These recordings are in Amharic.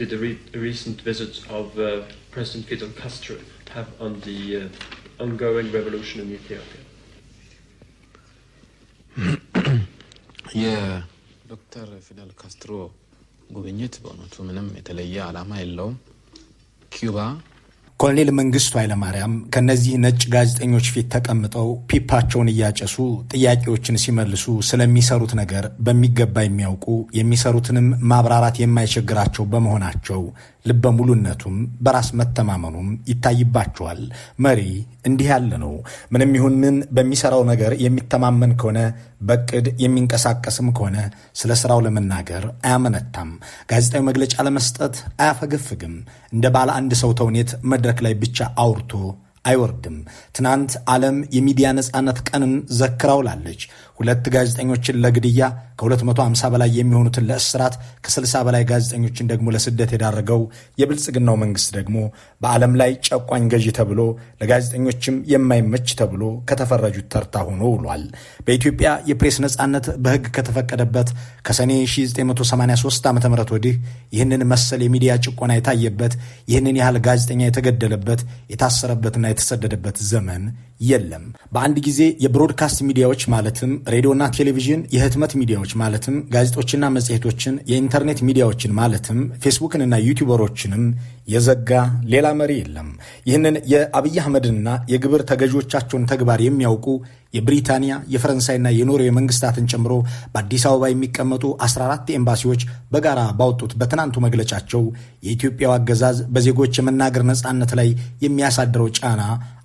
did the re recent visit of uh, President Fidel Castro have on the uh, ongoing revolution in Ethiopia? yeah, Dr. Fidel Castro ጉብኝት በእውነቱ ምንም የተለየ ዓላማ የለውም። ኪዩባ ኮሎኔል መንግስቱ ኃይለማርያም ከእነዚህ ነጭ ጋዜጠኞች ፊት ተቀምጠው ፒፓቸውን እያጨሱ ጥያቄዎችን ሲመልሱ ስለሚሰሩት ነገር በሚገባ የሚያውቁ የሚሰሩትንም ማብራራት የማይቸግራቸው በመሆናቸው ልበ ሙሉነቱም በራስ መተማመኑም ይታይባቸዋል። መሪ እንዲህ ያለ ነው። ምንም ይሁን ምን በሚሰራው ነገር የሚተማመን ከሆነ በቅድ የሚንቀሳቀስም ከሆነ ስለ ስራው ለመናገር አያመነታም። ጋዜጣዊ መግለጫ ለመስጠት አያፈገፍግም። እንደ ባለ አንድ ሰው ተውኔት መድረክ ላይ ብቻ አውርቶ አይወርድም። ትናንት ዓለም የሚዲያ ነጻነት ቀንን ዘክራውላለች። ሁለት ጋዜጠኞችን ለግድያ ከ250 በላይ የሚሆኑትን ለእስራት ከ60 በላይ ጋዜጠኞችን ደግሞ ለስደት የዳረገው የብልጽግናው መንግስት ደግሞ በዓለም ላይ ጨቋኝ ገዢ ተብሎ ለጋዜጠኞችም የማይመች ተብሎ ከተፈረጁት ተርታ ሆኖ ውሏል። በኢትዮጵያ የፕሬስ ነፃነት በህግ ከተፈቀደበት ከሰኔ 1983 ዓ ም ወዲህ ይህንን መሰል የሚዲያ ጭቆና የታየበት ይህንን ያህል ጋዜጠኛ የተገደለበት የታሰረበትና የተሰደደበት ዘመን የለም። በአንድ ጊዜ የብሮድካስት ሚዲያዎች ማለትም ሬዲዮና ቴሌቪዥን፣ የህትመት ሚዲያዎች ማለትም ጋዜጦችና መጽሔቶችን፣ የኢንተርኔት ሚዲያዎችን ማለትም ፌስቡክንና ዩቲዩበሮችንም የዘጋ ሌላ መሪ የለም። ይህንን የአብይ አህመድንና የግብር ተገዢዎቻቸውን ተግባር የሚያውቁ የብሪታንያ የፈረንሳይና የኖርዌይ መንግስታትን ጨምሮ በአዲስ አበባ የሚቀመጡ 14 ኤምባሲዎች በጋራ ባወጡት በትናንቱ መግለጫቸው የኢትዮጵያው አገዛዝ በዜጎች የመናገር ነፃነት ላይ የሚያሳድረው ጫና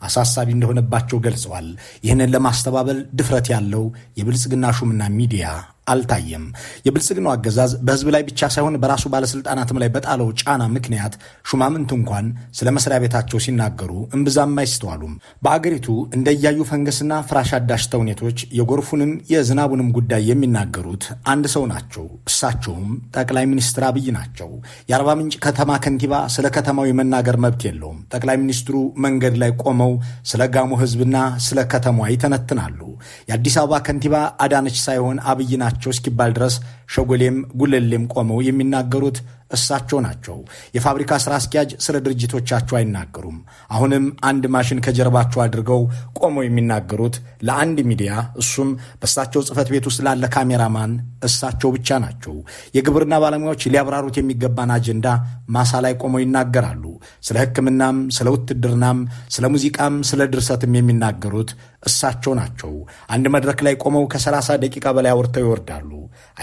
አሳሳቢ እንደሆነባቸው ገልጸዋል። ይህንን ለማስተባበል ድፍረት ያለው የብልጽግና ሹምና ሚዲያ አልታየም። የብልጽግናው አገዛዝ በህዝብ ላይ ብቻ ሳይሆን በራሱ ባለስልጣናትም ላይ በጣለው ጫና ምክንያት ሹማምንት እንኳን ስለ መስሪያ ቤታቸው ሲናገሩ እምብዛም አይስተዋሉም። በአገሪቱ እንደያዩ ፈንገስና ፍራሽ አዳሽ ተውኔቶች የጎርፉንም የዝናቡንም ጉዳይ የሚናገሩት አንድ ሰው ናቸው። እሳቸውም ጠቅላይ ሚኒስትር አብይ ናቸው። የአርባ ምንጭ ከተማ ከንቲባ ስለ ከተማው የመናገር መብት የለውም። ጠቅላይ ሚኒስትሩ መንገድ ላይ ቆመው ስለ ጋሞ ህዝብና ስለ ከተማዋ ይተነትናሉ። የአዲስ አበባ ከንቲባ አዳነች ሳይሆን አብይ ናቸው ናቸው እስኪባል ድረስ ሸጎሌም ጉለሌም ቆመው የሚናገሩት እሳቸው ናቸው። የፋብሪካ ስራ አስኪያጅ ስለ ድርጅቶቻቸው አይናገሩም። አሁንም አንድ ማሽን ከጀርባቸው አድርገው ቆመው የሚናገሩት ለአንድ ሚዲያ፣ እሱም በእሳቸው ጽህፈት ቤት ውስጥ ላለ ካሜራማን እሳቸው ብቻ ናቸው። የግብርና ባለሙያዎች ሊያብራሩት የሚገባን አጀንዳ ማሳ ላይ ቆመው ይናገራሉ። ስለ ሕክምናም፣ ስለ ውትድርናም፣ ስለ ሙዚቃም፣ ስለ ድርሰትም የሚናገሩት እሳቸው ናቸው። አንድ መድረክ ላይ ቆመው ከሰላሳ ደቂቃ በላይ አውርተው ይወርዳሉ።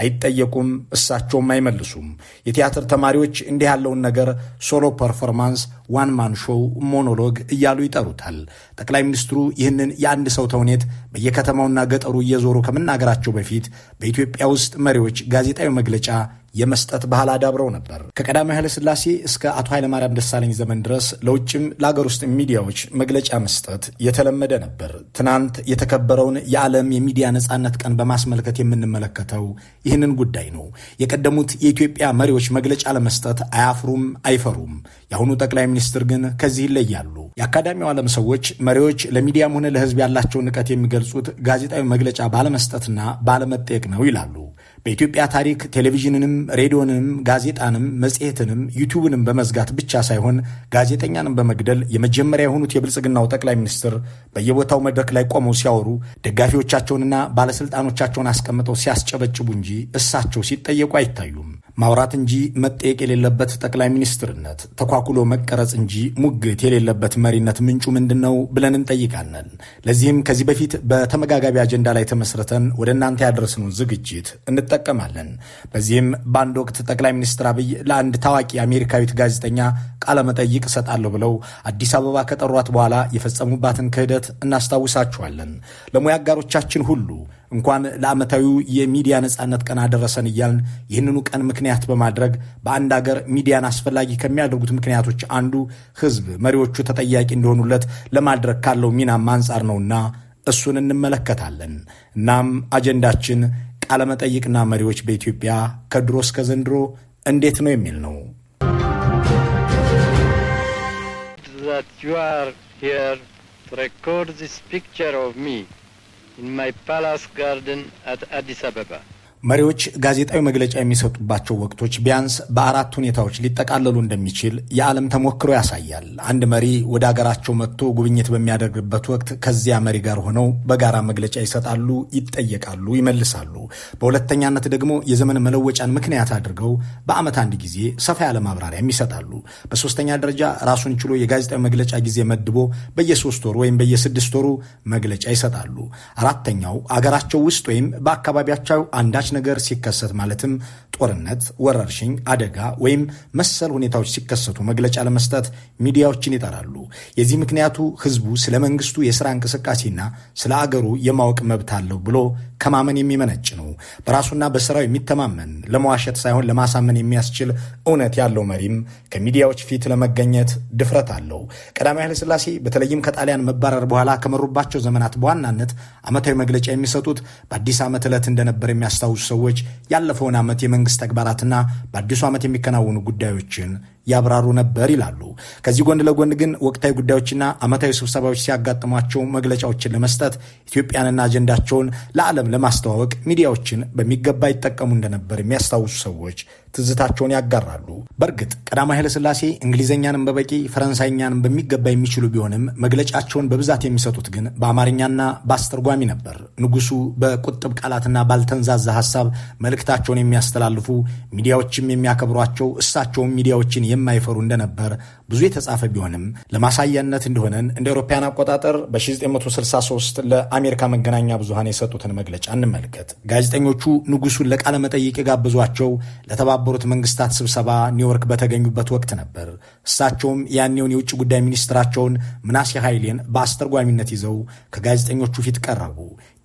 አይጠየቁም፣ እሳቸውም አይመልሱም። የቲያትር ተማሪዎች እንዲህ ያለውን ነገር ሶሎ ፐርፎርማንስ፣ ዋን ማን ሾው፣ ሞኖሎግ እያሉ ይጠሩታል። ጠቅላይ ሚኒስትሩ ይህንን የአንድ ሰው ተውኔት በየከተማውና ገጠሩ እየዞሩ ከመናገራቸው በፊት በኢትዮጵያ ውስጥ መሪዎች ጋዜጣዊ መግለጫ የመስጠት ባህል አዳብረው ነበር። ከቀዳማዊ ኃይለሥላሴ እስከ አቶ ኃይለማርያም ደሳለኝ ዘመን ድረስ ለውጭም ለአገር ውስጥ ሚዲያዎች መግለጫ መስጠት የተለመደ ነበር። ትናንት የተከበረውን የዓለም የሚዲያ ነፃነት ቀን በማስመልከት የምንመለከተው ይህንን ጉዳይ ነው። የቀደሙት የኢትዮጵያ መሪዎች መግለጫ ለመስጠት አያፍሩም፣ አይፈሩም። የአሁኑ ጠቅላይ ሚኒስትር ግን ከዚህ ይለያሉ። የአካዳሚው ዓለም ሰዎች መሪዎች ለሚዲያም ሆነ ለሕዝብ ያላቸውን ንቀት የሚገልጹት ጋዜጣዊ መግለጫ ባለመስጠትና ባለመጠየቅ ነው ይላሉ። በኢትዮጵያ ታሪክ ቴሌቪዥንንም ሬዲዮንም ጋዜጣንም መጽሔትንም ዩቲዩብንም በመዝጋት ብቻ ሳይሆን ጋዜጠኛንም በመግደል የመጀመሪያ የሆኑት የብልጽግናው ጠቅላይ ሚኒስትር በየቦታው መድረክ ላይ ቆመው ሲያወሩ ደጋፊዎቻቸውንና ባለስልጣኖቻቸውን አስቀምጠው ሲያስጨበጭቡ እንጂ እሳቸው ሲጠየቁ አይታዩም። ማውራት እንጂ መጠየቅ የሌለበት ጠቅላይ ሚኒስትርነት፣ ተኳኩሎ መቀረጽ እንጂ ሙግት የሌለበት መሪነት ምንጩ ምንድን ነው ብለን እንጠይቃለን። ለዚህም ከዚህ በፊት በተመጋጋቢ አጀንዳ ላይ ተመስርተን ወደ እናንተ ያደረስነውን ዝግጅት እንጠቀማለን። በዚህም በአንድ ወቅት ጠቅላይ ሚኒስትር አብይ ለአንድ ታዋቂ አሜሪካዊት ጋዜጠኛ ቃለመጠይቅ እሰጣለሁ ብለው አዲስ አበባ ከጠሯት በኋላ የፈጸሙባትን ክህደት እናስታውሳችኋለን። ለሙያ አጋሮቻችን ሁሉ እንኳን ለዓመታዊው የሚዲያ ነጻነት ቀን አደረሰን እያልን ይህንኑ ቀን ምክንያት ምክንያት በማድረግ በአንድ አገር ሚዲያን አስፈላጊ ከሚያደርጉት ምክንያቶች አንዱ ህዝብ መሪዎቹ ተጠያቂ እንደሆኑለት ለማድረግ ካለው ሚናም አንጻር ነውና እሱን እንመለከታለን። እናም አጀንዳችን ቃለመጠይቅና መሪዎች በኢትዮጵያ ከድሮ እስከ ዘንድሮ እንዴት ነው የሚል ነው። ሪኮርድ ፒክቸር ኦፍ ሚ ኢን ማይ ፓላስ ጋርደን አት አዲስ አበባ መሪዎች ጋዜጣዊ መግለጫ የሚሰጡባቸው ወቅቶች ቢያንስ በአራት ሁኔታዎች ሊጠቃለሉ እንደሚችል የዓለም ተሞክሮ ያሳያል። አንድ መሪ ወደ አገራቸው መጥቶ ጉብኝት በሚያደርግበት ወቅት ከዚያ መሪ ጋር ሆነው በጋራ መግለጫ ይሰጣሉ፣ ይጠየቃሉ፣ ይመልሳሉ። በሁለተኛነት ደግሞ የዘመን መለወጫን ምክንያት አድርገው በዓመት አንድ ጊዜ ሰፋ ያለ ማብራሪያም ይሰጣሉ። በሶስተኛ ደረጃ ራሱን ችሎ የጋዜጣዊ መግለጫ ጊዜ መድቦ በየሶስት ወሩ ወይም በየስድስት ወሩ መግለጫ ይሰጣሉ። አራተኛው አገራቸው ውስጥ ወይም በአካባቢያቸው አንዳች ነገር ሲከሰት ማለትም ጦርነት፣ ወረርሽኝ፣ አደጋ ወይም መሰል ሁኔታዎች ሲከሰቱ መግለጫ ለመስጠት ሚዲያዎችን ይጠራሉ። የዚህ ምክንያቱ ህዝቡ ስለ መንግስቱ የስራ እንቅስቃሴና ስለ አገሩ የማወቅ መብት አለው ብሎ ከማመን የሚመነጭ ነው። በራሱና በስራው የሚተማመን ለመዋሸት ሳይሆን ለማሳመን የሚያስችል እውነት ያለው መሪም ከሚዲያዎች ፊት ለመገኘት ድፍረት አለው። ቀዳማዊ ኃይለሥላሴ በተለይም ከጣሊያን መባረር በኋላ ከመሩባቸው ዘመናት በዋናነት ዓመታዊ መግለጫ የሚሰጡት በአዲስ ዓመት ዕለት እንደነበር የሚያስታውሱ ሰዎች ያለፈውን ዓመት የመንግስት ተግባራትና በአዲሱ ዓመት የሚከናወኑ ጉዳዮችን ያብራሩ ነበር ይላሉ። ከዚህ ጎን ለጎን ግን ወቅታዊ ጉዳዮችና ዓመታዊ ስብሰባዎች ሲያጋጥሟቸው መግለጫዎችን ለመስጠት ኢትዮጵያንና አጀንዳቸውን ለዓለም ለማስተዋወቅ ሚዲያዎችን በሚገባ ይጠቀሙ እንደነበር የሚያስታውሱ ሰዎች ትዝታቸውን ያጋራሉ። በእርግጥ ቀዳማዊ ኃይለሥላሴ እንግሊዝኛንም በበቂ ፈረንሳይኛንም በሚገባ የሚችሉ ቢሆንም መግለጫቸውን በብዛት የሚሰጡት ግን በአማርኛና በአስተርጓሚ ነበር። ንጉሱ በቁጥብ ቃላትና ባልተንዛዛ ሀሳብ መልእክታቸውን የሚያስተላልፉ ሚዲያዎችም የሚያከብሯቸው እሳቸውም ሚዲያዎችን የማይፈሩ እንደነበር ብዙ የተጻፈ ቢሆንም ለማሳያነት እንደሆነን እንደ አውሮፓውያን አቆጣጠር በ1963 ለአሜሪካ መገናኛ ብዙሃን የሰጡትን መግለጫ እንመልከት። ጋዜጠኞቹ ንጉሱን ለቃለመጠይቅ የጋብዟቸው ለተባበሩት መንግስታት ስብሰባ ኒውዮርክ በተገኙበት ወቅት ነበር። እሳቸውም ያኔውን የውጭ ጉዳይ ሚኒስትራቸውን ምናሴ ኃይሌን በአስተርጓሚነት ይዘው ከጋዜጠኞቹ ፊት ቀረቡ።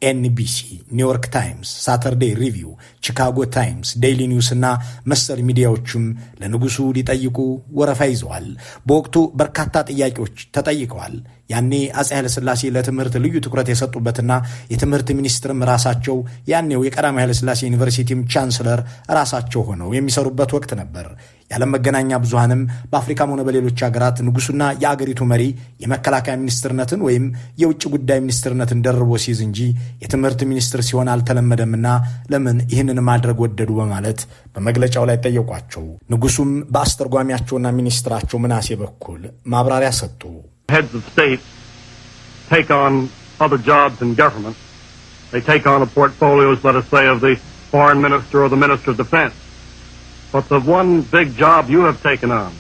ኤንቢሲ፣ ኒውዮርክ ታይምስ፣ ሳተርዴይ ሪቪው፣ ቺካጎ ታይምስ፣ ዴይሊ ኒውስ እና መሰል ሚዲያዎችም ለንጉሱ ሊጠይቁ ወረፋ ይዘዋል። በወቅቱ በርካታ ጥያቄዎች ተጠይቀዋል። ያኔ አጼ ኃይለሥላሴ ለትምህርት ልዩ ትኩረት የሰጡበትና የትምህርት ሚኒስትርም ራሳቸው ያኔው የቀዳማዊ ኃይለሥላሴ ዩኒቨርሲቲም ቻንስለር ራሳቸው ሆነው የሚሰሩበት ወቅት ነበር። የዓለም መገናኛ ብዙሃንም በአፍሪካም ሆነ በሌሎች ሀገራት ንጉሱና የአገሪቱ መሪ የመከላከያ ሚኒስትርነትን ወይም የውጭ ጉዳይ ሚኒስትርነትን ደርቦ ሲይዝ እንጂ የትምህርት ሚኒስትር ሲሆን አልተለመደምና ለምን ይህንን ማድረግ ወደዱ በማለት በመግለጫው ላይ ጠየቋቸው። ንጉሱም በአስተርጓሚያቸውና ሚኒስትራቸው ምናሴ በኩል ማብራሪያ ሰጡ። ሪፖርትፎሊዮስ But the one big job you have taken on,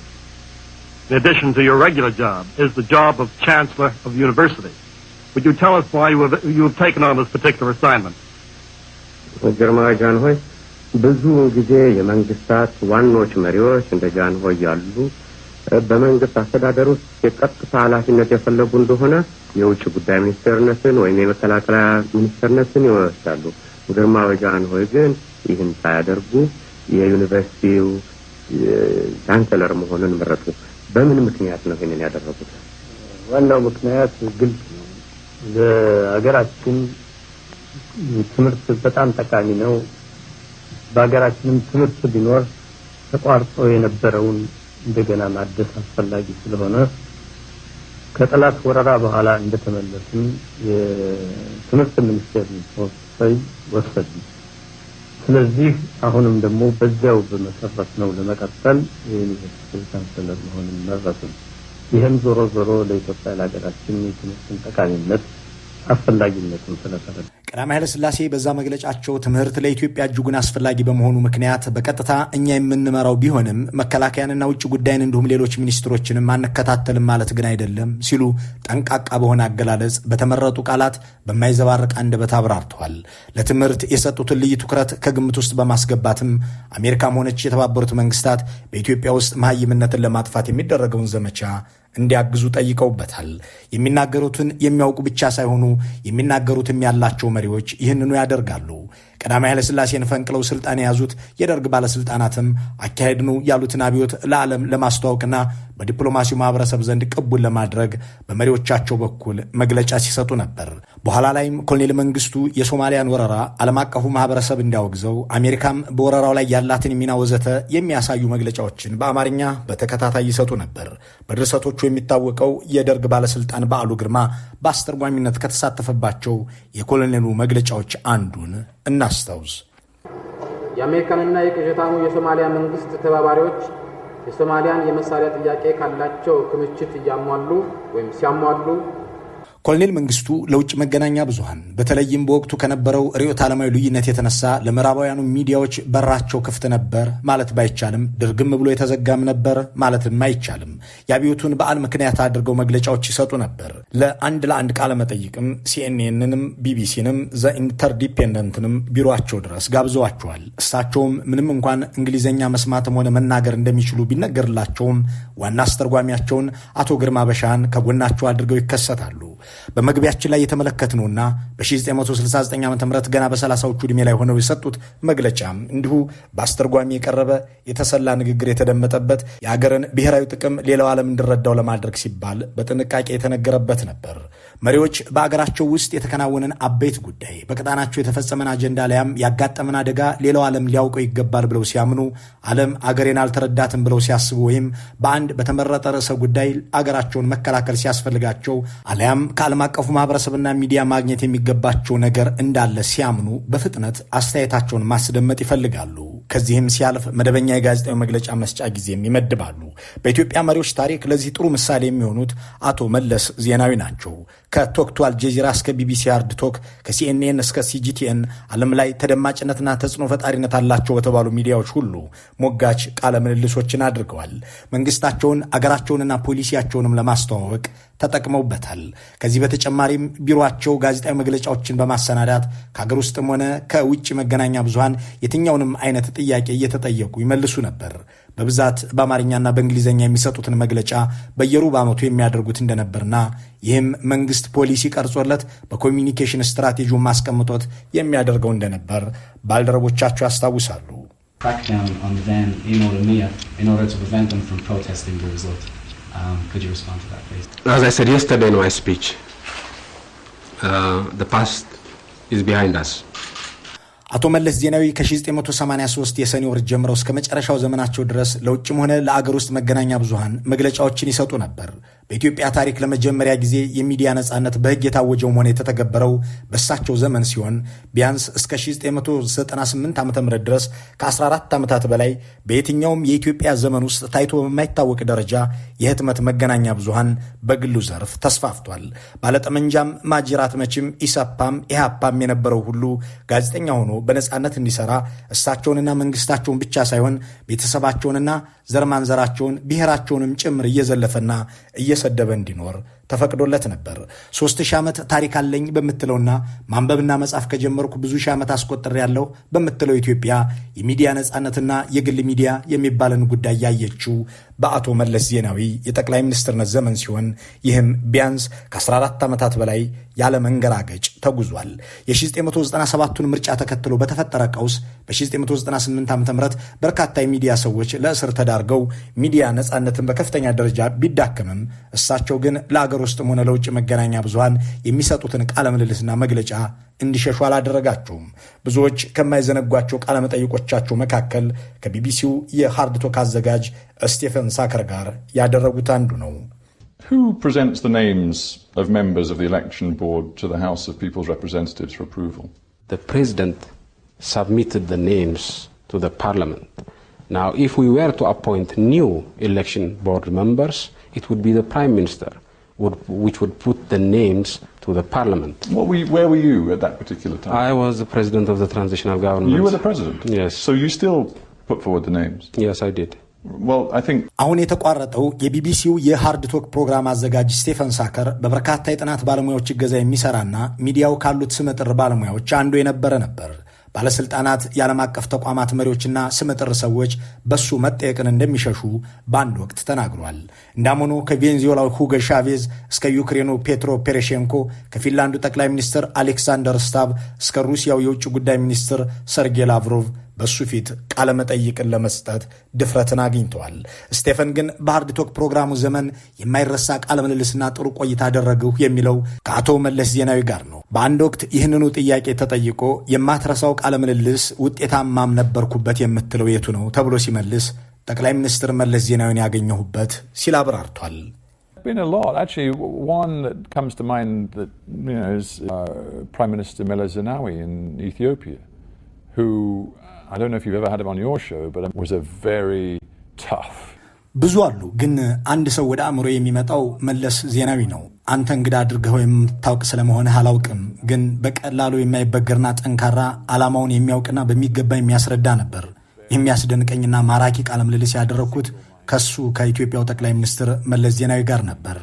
in addition to your regular job, is the job of Chancellor of the University. Would you tell us why you have, you have taken on this particular assignment? በግርማዊ ጃንሆይ ብዙ ጊዜ የመንግስታት ዋናዎች መሪዎች እንደ ጃንሆይ ያሉ በመንግስት አስተዳደር ውስጥ የቀጥታ ኃላፊነት የፈለጉ እንደሆነ የውጭ ጉዳይ ሚኒስቴርነትን ወይም የመከላከያ ሚኒስቴርነትን ይወስዳሉ። ግርማዊ ጃንሆይ ግን ይህን ሳያደርጉ የዩኒቨርሲቲው ቻንሰለር መሆኑን መረጡ። በምን ምክንያት ነው ይህንን ያደረጉት? ዋናው ምክንያት ግልጽ ነው። ለሀገራችን ትምህርት በጣም ጠቃሚ ነው። በሀገራችንም ትምህርት ቢኖር ተቋርጦ የነበረውን እንደገና ማደስ አስፈላጊ ስለሆነ ከጠላት ወረራ በኋላ እንደተመለስም የትምህርት ሚኒስቴር ወሰድ ስለዚህ አሁንም ደግሞ በዚያው በመሰረት ነው ለመቀጠል የዩኒቨርሲቲ ቻንስለር መሆንን መረጥን። ይህም ዞሮ ዞሮ ለኢትዮጵያ ለሀገራችን የትምህርትን ጠቃሚነት አስፈላጊነትን ስለተረዱ ቀዳማዊ ኃይለሥላሴ በዛ መግለጫቸው ትምህርት ለኢትዮጵያ እጅጉን አስፈላጊ በመሆኑ ምክንያት በቀጥታ እኛ የምንመራው ቢሆንም መከላከያንና ውጭ ጉዳይን እንዲሁም ሌሎች ሚኒስትሮችንም አንከታተልም ማለት ግን አይደለም ሲሉ ጠንቃቃ በሆነ አገላለጽ በተመረጡ ቃላት በማይዘባርቅ አንደበት አብራርተዋል። ለትምህርት የሰጡትን ልዩ ትኩረት ከግምት ውስጥ በማስገባትም አሜሪካም ሆነች የተባበሩት መንግስታት በኢትዮጵያ ውስጥ መሐይምነትን ለማጥፋት የሚደረገውን ዘመቻ እንዲያግዙ ጠይቀውበታል። የሚናገሩትን የሚያውቁ ብቻ ሳይሆኑ የሚናገሩትም ያላቸው መሪዎች ይህንኑ ያደርጋሉ። ቀዳማዊ ኃይለሥላሴን ፈንቅለው ስልጣን የያዙት የደርግ ባለስልጣናትም አካሄድኑ ያሉትን አብዮት ለዓለም ለማስተዋወቅና በዲፕሎማሲው ማህበረሰብ ዘንድ ቅቡን ለማድረግ በመሪዎቻቸው በኩል መግለጫ ሲሰጡ ነበር። በኋላ ላይም ኮሎኔል መንግስቱ የሶማሊያን ወረራ ዓለም አቀፉ ማህበረሰብ እንዲያወግዘው፣ አሜሪካም በወረራው ላይ ያላትን ሚና ወዘተ የሚያሳዩ መግለጫዎችን በአማርኛ በተከታታይ ይሰጡ ነበር። በድርሰቶቹ የሚታወቀው የደርግ ባለስልጣን በዓሉ ግርማ በአስተርጓሚነት ከተሳተፈባቸው የኮሎኔሉ መግለጫዎች አንዱን እናስታውስ። የአሜሪካንና የቅዠታሙ የሶማሊያ መንግስት ተባባሪዎች የሶማሊያን የመሳሪያ ጥያቄ ካላቸው ክምችት እያሟሉ ወይም ሲያሟሉ ኮሎኔል መንግስቱ ለውጭ መገናኛ ብዙሃን በተለይም በወቅቱ ከነበረው ርዕዮተ ዓለማዊ ልዩነት የተነሳ ለምዕራባውያኑ ሚዲያዎች በራቸው ክፍት ነበር ማለት ባይቻልም ድርግም ብሎ የተዘጋም ነበር ማለትም አይቻልም። የአብዮቱን በዓል ምክንያት አድርገው መግለጫዎች ይሰጡ ነበር። ለአንድ ለአንድ ቃለ መጠይቅም ሲኤንኤንንም ቢቢሲንም ዘ ኢንተርዲፔንደንትንም ቢሮቸው ድረስ ጋብዘዋቸዋል። እሳቸውም ምንም እንኳን እንግሊዝኛ መስማትም ሆነ መናገር እንደሚችሉ ቢነገርላቸውም ዋና አስተርጓሚያቸውን አቶ ግርማ በሻን ከጎናቸው አድርገው ይከሰታሉ። በመግቢያችን ላይ የተመለከትነውና በ1969 ዓ ም ገና በሰላሳዎቹ ዕድሜ ላይ ሆነው የሰጡት መግለጫ እንዲሁ በአስተርጓሚ የቀረበ የተሰላ ንግግር የተደመጠበት የአገርን ብሔራዊ ጥቅም ሌላው ዓለም እንዲረዳው ለማድረግ ሲባል በጥንቃቄ የተነገረበት ነበር። መሪዎች በአገራቸው ውስጥ የተከናወነን አበይት ጉዳይ፣ በቀጣናቸው የተፈጸመን አጀንዳ ላያም ያጋጠመን አደጋ ሌላው ዓለም ሊያውቀው ይገባል ብለው ሲያምኑ፣ ዓለም አገሬን አልተረዳትም ብለው ሲያስቡ ወይም በአንድ በተመረጠ ርዕሰ ጉዳይ አገራቸውን መከላከል ሲያስፈልጋቸው አሊያም ከዓለም አቀፉ ማህበረሰብና ሚዲያ ማግኘት የሚገባቸው ነገር እንዳለ ሲያምኑ በፍጥነት አስተያየታቸውን ማስደመጥ ይፈልጋሉ። ከዚህም ሲያልፍ መደበኛ የጋዜጣዊ መግለጫ መስጫ ጊዜም ይመድባሉ። በኢትዮጵያ መሪዎች ታሪክ ለዚህ ጥሩ ምሳሌ የሚሆኑት አቶ መለስ ዜናዊ ናቸው። ከቶክቱ አልጀዚራ እስከ ቢቢሲ ሃርድ ቶክ ከሲኤንኤን እስከ ሲጂቲኤን ዓለም ላይ ተደማጭነትና ተጽዕኖ ፈጣሪነት አላቸው በተባሉ ሚዲያዎች ሁሉ ሞጋች ቃለ ምልልሶችን አድርገዋል። መንግስታቸውን አገራቸውንና ፖሊሲያቸውንም ለማስተዋወቅ ተጠቅመውበታል። ከዚህ በተጨማሪም ቢሮቸው ጋዜጣዊ መግለጫዎችን በማሰናዳት ከአገር ውስጥም ሆነ ከውጭ መገናኛ ብዙሃን የትኛውንም አይነት ጥያቄ እየተጠየቁ ይመልሱ ነበር። በብዛት በአማርኛና በእንግሊዝኛ የሚሰጡትን መግለጫ በየሩብ ዓመቱ የሚያደርጉት እንደነበርና ይህም መንግስት ፖሊሲ ቀርጾለት በኮሚኒኬሽን ስትራቴጂውን ማስቀምጦት የሚያደርገው እንደነበር ባልደረቦቻቸው ያስታውሳሉ። ስ አቶ መለስ ዜናዊ ከ1983 የሰኔ ወር ጀምረው እስከ መጨረሻው ዘመናቸው ድረስ ለውጭም ሆነ ለአገር ውስጥ መገናኛ ብዙሃን መግለጫዎችን ይሰጡ ነበር። በኢትዮጵያ ታሪክ ለመጀመሪያ ጊዜ የሚዲያ ነጻነት በሕግ የታወጀው መሆን የተተገበረው በእሳቸው ዘመን ሲሆን ቢያንስ እስከ 1998 ዓ ም ድረስ ከ14 ዓመታት በላይ በየትኛውም የኢትዮጵያ ዘመን ውስጥ ታይቶ በማይታወቅ ደረጃ የህትመት መገናኛ ብዙሃን በግሉ ዘርፍ ተስፋፍቷል። ባለጠመንጃም ማጅራት መችም ኢሰፓም ኢሃፓም የነበረው ሁሉ ጋዜጠኛ ሆኖ በነጻነት እንዲሰራ እሳቸውንና መንግስታቸውን ብቻ ሳይሆን ቤተሰባቸውንና ዘርማንዘራቸውን ብሔራቸውንም ጭምር እየዘለፈና እየ እየሰደበ እንዲኖር ተፈቅዶለት ነበር። ሶስት ሺህ ዓመት ታሪክ አለኝ በምትለውና ማንበብና መጻፍ ከጀመርኩ ብዙ ሺህ ዓመት አስቆጥር ያለው በምትለው ኢትዮጵያ የሚዲያ ነጻነትና የግል ሚዲያ የሚባለን ጉዳይ ያየችው በአቶ መለስ ዜናዊ የጠቅላይ ሚኒስትርነት ዘመን ሲሆን ይህም ቢያንስ ከ14 ዓመታት በላይ ያለ መንገራገጭ ተጉዟል። የ1997ቱን ምርጫ ተከትሎ በተፈጠረ ቀውስ በ1998 ዓ ም በርካታ የሚዲያ ሰዎች ለእስር ተዳርገው ሚዲያ ነጻነትን በከፍተኛ ደረጃ ቢዳከምም እሳቸው ግን ለአገ በሀገር ውስጥም ሆነ ለውጭ መገናኛ ብዙሃን የሚሰጡትን ቃለ ምልልስና መግለጫ እንዲሸሹ አላደረጋችሁም። ብዙዎች ከማይዘነጓቸው ቃለ መካከል ከቢቢሲው የሃርድቶክ አዘጋጅ ስቴፈን ሳከር ጋር ያደረጉት አንዱ ነው። ፕሬዚደንት submitted the names to the parliament. Now, if we were to appoint new election board members, it would be the prime minister. would, which would put the names to the parliament. What were you, where were you at that particular time? I was the president of the transitional government. You were the president? Yes. So you still put forward the names? Yes, I did. አሁን የተቋረጠው የቢቢሲው የሃርድ ቶክ ፕሮግራም አዘጋጅ ስቴፈን ሳከር በበርካታ የጥናት ባለሙያዎች እገዛ የሚሰራና ሚዲያው ካሉት ስመጥር ባለሙያዎች አንዱ የነበረ ነበር። ባለስልጣናት፣ የዓለም አቀፍ ተቋማት መሪዎችና ስመጥር ሰዎች በሱ መጠየቅን እንደሚሸሹ በአንድ ወቅት ተናግሯል። እንዳመሆኑ ከቬንዙዌላው ሁገ ሻቬዝ እስከ ዩክሬኑ ፔትሮ ፖሮሼንኮ ከፊንላንዱ ጠቅላይ ሚኒስትር አሌክሳንደር ስታብ እስከ ሩሲያው የውጭ ጉዳይ ሚኒስትር ሰርጌ ላቭሮቭ በሱ ፊት ቃለመጠይቅን ለመስጠት ድፍረትን አግኝተዋል። ስቴፈን ግን በሃርድ ቶክ ፕሮግራሙ ዘመን የማይረሳ ቃለ ምልልስና ጥሩ ቆይታ አደረግሁ የሚለው ከአቶ መለስ ዜናዊ ጋር ነው። በአንድ ወቅት ይህንኑ ጥያቄ ተጠይቆ የማትረሳው ቃለ ምልልስ ውጤታማም ነበርኩበት የምትለው የቱ ነው ተብሎ ሲመልስ ጠቅላይ ሚኒስትር መለስ ዜናዊን ያገኘሁበት ሲል አብራርቷል። ፕራይም ሚኒስትር መለስ ዜናዊ ኢትዮጵያ I don't know if you've ever had him on your show, but was a very tough ብዙ አሉ፣ ግን አንድ ሰው ወደ አእምሮ የሚመጣው መለስ ዜናዊ ነው። አንተ እንግዳ አድርገው የምታውቅ ስለመሆነ አላውቅም፣ ግን በቀላሉ የማይበገርና ጠንካራ ዓላማውን የሚያውቅና በሚገባ የሚያስረዳ ነበር። የሚያስደንቀኝና ማራኪ ቃለ ምልልስ ያደረግኩት ከሱ ከኢትዮጵያው ጠቅላይ ሚኒስትር መለስ ዜናዊ ጋር ነበር።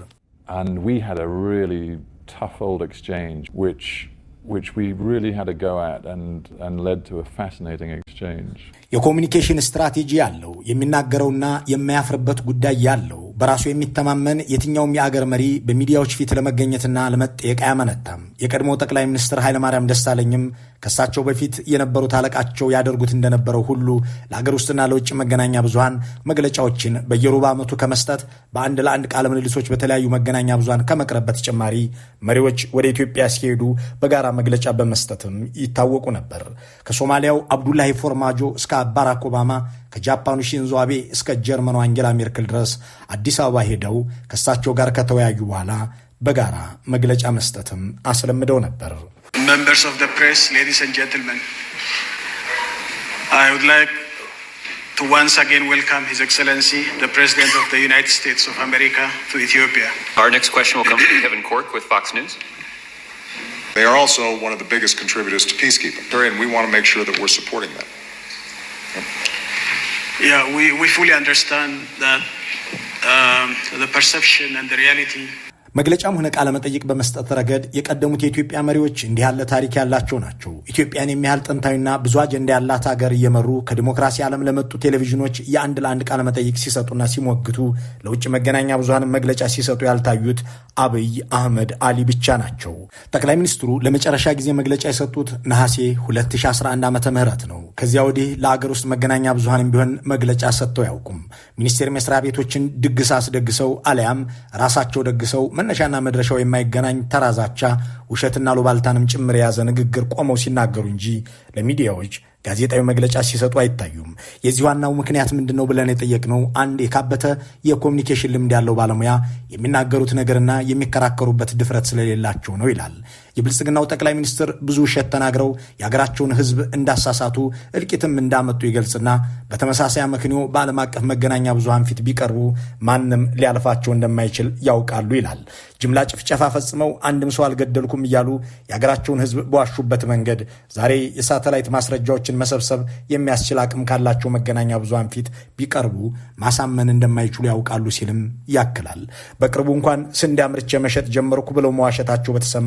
which we really had a go at and, and led to a fascinating exchange. የኮሚኒኬሽን ስትራቴጂ ያለው የሚናገረውና የማያፍርበት ጉዳይ ያለው በራሱ የሚተማመን የትኛውም የአገር መሪ በሚዲያዎች ፊት ለመገኘትና ለመጠየቅ አያመነታም። የቀድሞው ጠቅላይ ሚኒስትር ኃይለማርያም ደሳለኝም ከሳቸው በፊት የነበሩት አለቃቸው ያደርጉት እንደነበረው ሁሉ ለሀገር ውስጥና ለውጭ መገናኛ ብዙሃን መግለጫዎችን በየሩብ ዓመቱ ከመስጠት በአንድ ለአንድ ቃለ ምልልሶች በተለያዩ መገናኛ ብዙሃን ከመቅረብ በተጨማሪ መሪዎች ወደ ኢትዮጵያ ሲሄዱ በጋራ መግለጫ በመስጠትም ይታወቁ ነበር። ከሶማሊያው አብዱላሂ ፎርማጆ እስከ ባራክ ኦባማ ከጃፓኑ ሺንዞ አቤ እስከ ጀርመኑ አንጌላ ሜርክል ድረስ አዲስ አበባ ሄደው ከእሳቸው ጋር ከተወያዩ በኋላ በጋራ መግለጫ መስጠትም አስለምደው ነበር። members of the press, ladies and gentlemen, I would like to once again welcome His Excellency, the President of the United States of America, to Ethiopia. Our next question will come from Kevin Cork with Fox News. They are also one of the biggest contributors to peacekeeping, and we want to make sure that we're supporting them. Yeah, we, we fully understand that um, the perception and the reality መግለጫም ሆነ ቃለ መጠይቅ በመስጠት ረገድ የቀደሙት የኢትዮጵያ መሪዎች እንዲህ ያለ ታሪክ ያላቸው ናቸው። ኢትዮጵያን የሚያህል ጥንታዊና ብዙ አጀንዳ ያላት ሀገር እየመሩ ከዲሞክራሲ ዓለም ለመጡ ቴሌቪዥኖች የአንድ ለአንድ ቃለ መጠይቅ ሲሰጡና ሲሞግቱ፣ ለውጭ መገናኛ ብዙሃንም መግለጫ ሲሰጡ ያልታዩት አብይ አህመድ አሊ ብቻ ናቸው። ጠቅላይ ሚኒስትሩ ለመጨረሻ ጊዜ መግለጫ የሰጡት ነሐሴ 2011 ዓመተ ምህረት ነው። ከዚያ ወዲህ ለአገር ውስጥ መገናኛ ብዙሃንም ቢሆን መግለጫ ሰጥተው አያውቁም። ሚኒስቴር መስሪያ ቤቶችን ድግስ አስደግሰው አሊያም ራሳቸው ደግሰው መነሻና መድረሻው የማይገናኝ ተራዛቻ ውሸትና ሉባልታንም ጭምር የያዘ ንግግር ቆመው ሲናገሩ እንጂ ለሚዲያዎች ጋዜጣዊ መግለጫ ሲሰጡ አይታዩም። የዚህ ዋናው ምክንያት ምንድን ነው ብለን የጠየቅነው አንድ የካበተ የኮሚኒኬሽን ልምድ ያለው ባለሙያ የሚናገሩት ነገርና የሚከራከሩበት ድፍረት ስለሌላቸው ነው ይላል። የብልጽግናው ጠቅላይ ሚኒስትር ብዙ ውሸት ተናግረው የሀገራቸውን ህዝብ እንዳሳሳቱ እልቂትም እንዳመጡ ይገልጽና በተመሳሳይ አመክንዮ በዓለም አቀፍ መገናኛ ብዙሃን ፊት ቢቀርቡ ማንም ሊያልፋቸው እንደማይችል ያውቃሉ ይላል። ጅምላ ጭፍጨፋ ፈጽመው አንድም ሰው አልገደልኩም እያሉ የሀገራቸውን ህዝብ በዋሹበት መንገድ ዛሬ የሳተላይት ማስረጃዎችን መሰብሰብ የሚያስችል አቅም ካላቸው መገናኛ ብዙሃን ፊት ቢቀርቡ ማሳመን እንደማይችሉ ያውቃሉ ሲልም ያክላል። በቅርቡ እንኳን ስንዴ አምርቼ መሸጥ ጀመርኩ ብለው መዋሸታቸው በተሰማ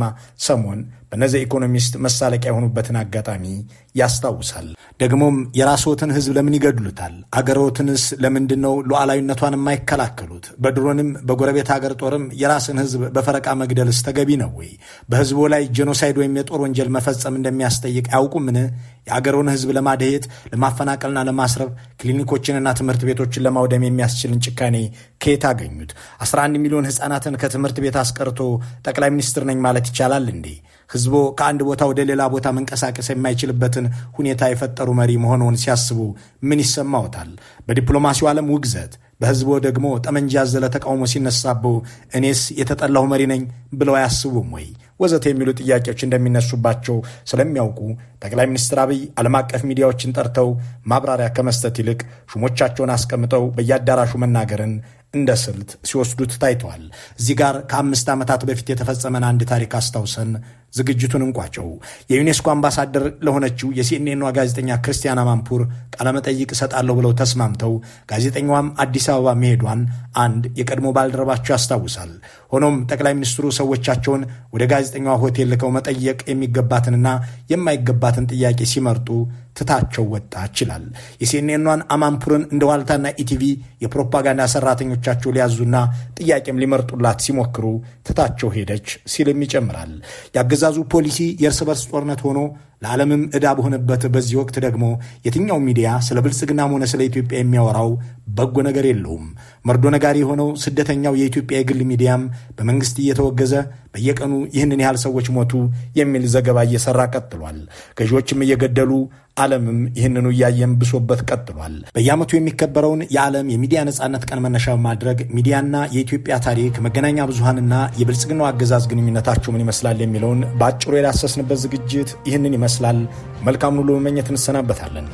someone በእነዚያ ኢኮኖሚስት መሳለቂያ የሆኑበትን አጋጣሚ ያስታውሳል። ደግሞም የራስዎትን ህዝብ ለምን ይገድሉታል? አገሮትንስ ለምንድን ነው ሉዓላዊነቷን የማይከላከሉት? በድሮንም በጎረቤት አገር ጦርም የራስን ህዝብ በፈረቃ መግደልስ ተገቢ ነው ወይ? በህዝቡ ላይ ጄኖሳይድ ወይም የጦር ወንጀል መፈጸም እንደሚያስጠይቅ አያውቁምን? የአገሮን ህዝብ ለማደየት ለማፈናቀልና ለማስረብ ክሊኒኮችንና ትምህርት ቤቶችን ለማውደም የሚያስችልን ጭካኔ ከየት አገኙት? 11 ሚሊዮን ህፃናትን ከትምህርት ቤት አስቀርቶ ጠቅላይ ሚኒስትር ነኝ ማለት ይቻላል እንዴ? ህዝቡ ከአንድ ቦታ ወደ ሌላ ቦታ መንቀሳቀስ የማይችልበትን ሁኔታ የፈጠሩ መሪ መሆኑን ሲያስቡ ምን ይሰማዎታል? በዲፕሎማሲው ዓለም ውግዘት፣ በህዝቡ ደግሞ ጠመንጃ ያዘለ ተቃውሞ ሲነሳቡ እኔስ የተጠላሁ መሪ ነኝ ብለው አያስቡም ወይ? ወዘተ የሚሉ ጥያቄዎች እንደሚነሱባቸው ስለሚያውቁ ጠቅላይ ሚኒስትር አብይ ዓለም አቀፍ ሚዲያዎችን ጠርተው ማብራሪያ ከመስጠት ይልቅ ሹሞቻቸውን አስቀምጠው በየአዳራሹ መናገርን እንደ ስልት ሲወስዱት ታይተዋል። እዚህ ጋር ከአምስት ዓመታት በፊት የተፈጸመን አንድ ታሪክ አስታውሰን ዝግጅቱን እንቋጨው። የዩኔስኮ አምባሳደር ለሆነችው የሲኤንኤኗ ጋዜጠኛ ክርስቲያና ማምፑር ቃለመጠይቅ እሰጣለሁ ብለው ተስማምተው ጋዜጠኛዋም አዲስ አበባ መሄዷን አንድ የቀድሞ ባልደረባቸው ያስታውሳል። ሆኖም ጠቅላይ ሚኒስትሩ ሰዎቻቸውን ወደ ጋዜጠኛዋ ሆቴል ልከው መጠየቅ የሚገባትንና የማይገባትን ጥያቄ ሲመርጡ ትታቸው ወጣች ይላል። የሴኔኗን አማንፑርን እንደ ዋልታና ኢቲቪ የፕሮፓጋንዳ ሰራተኞቻቸው ሊያዙና ጥያቄም ሊመርጡላት ሲሞክሩ ትታቸው ሄደች ሲልም ይጨምራል። የአገዛዙ ፖሊሲ የእርስ በርስ ጦርነት ሆኖ ለዓለምም ዕዳ በሆነበት በዚህ ወቅት ደግሞ የትኛው ሚዲያ ስለ ብልጽግናም ሆነ ስለ ኢትዮጵያ የሚያወራው በጎ ነገር የለውም። መርዶ ነጋሪ የሆነው ስደተኛው የኢትዮጵያ የግል ሚዲያም በመንግስት እየተወገዘ በየቀኑ ይህንን ያህል ሰዎች ሞቱ የሚል ዘገባ እየሰራ ቀጥሏል። ገዢዎችም እየገደሉ ዓለምም ይህንኑ እያየም ብሶበት ቀጥሏል። በየዓመቱ የሚከበረውን የዓለም የሚዲያ ነፃነት ቀን መነሻ በማድረግ ሚዲያና የኢትዮጵያ ታሪክ፣ መገናኛ ብዙሃንና የብልጽግናው አገዛዝ ግንኙነታቸው ምን ይመስላል የሚለውን በአጭሩ የዳሰስንበት ዝግጅት ይህንን ይመስላል። መልካም ሁሉ መመኘት እንሰናበታለን።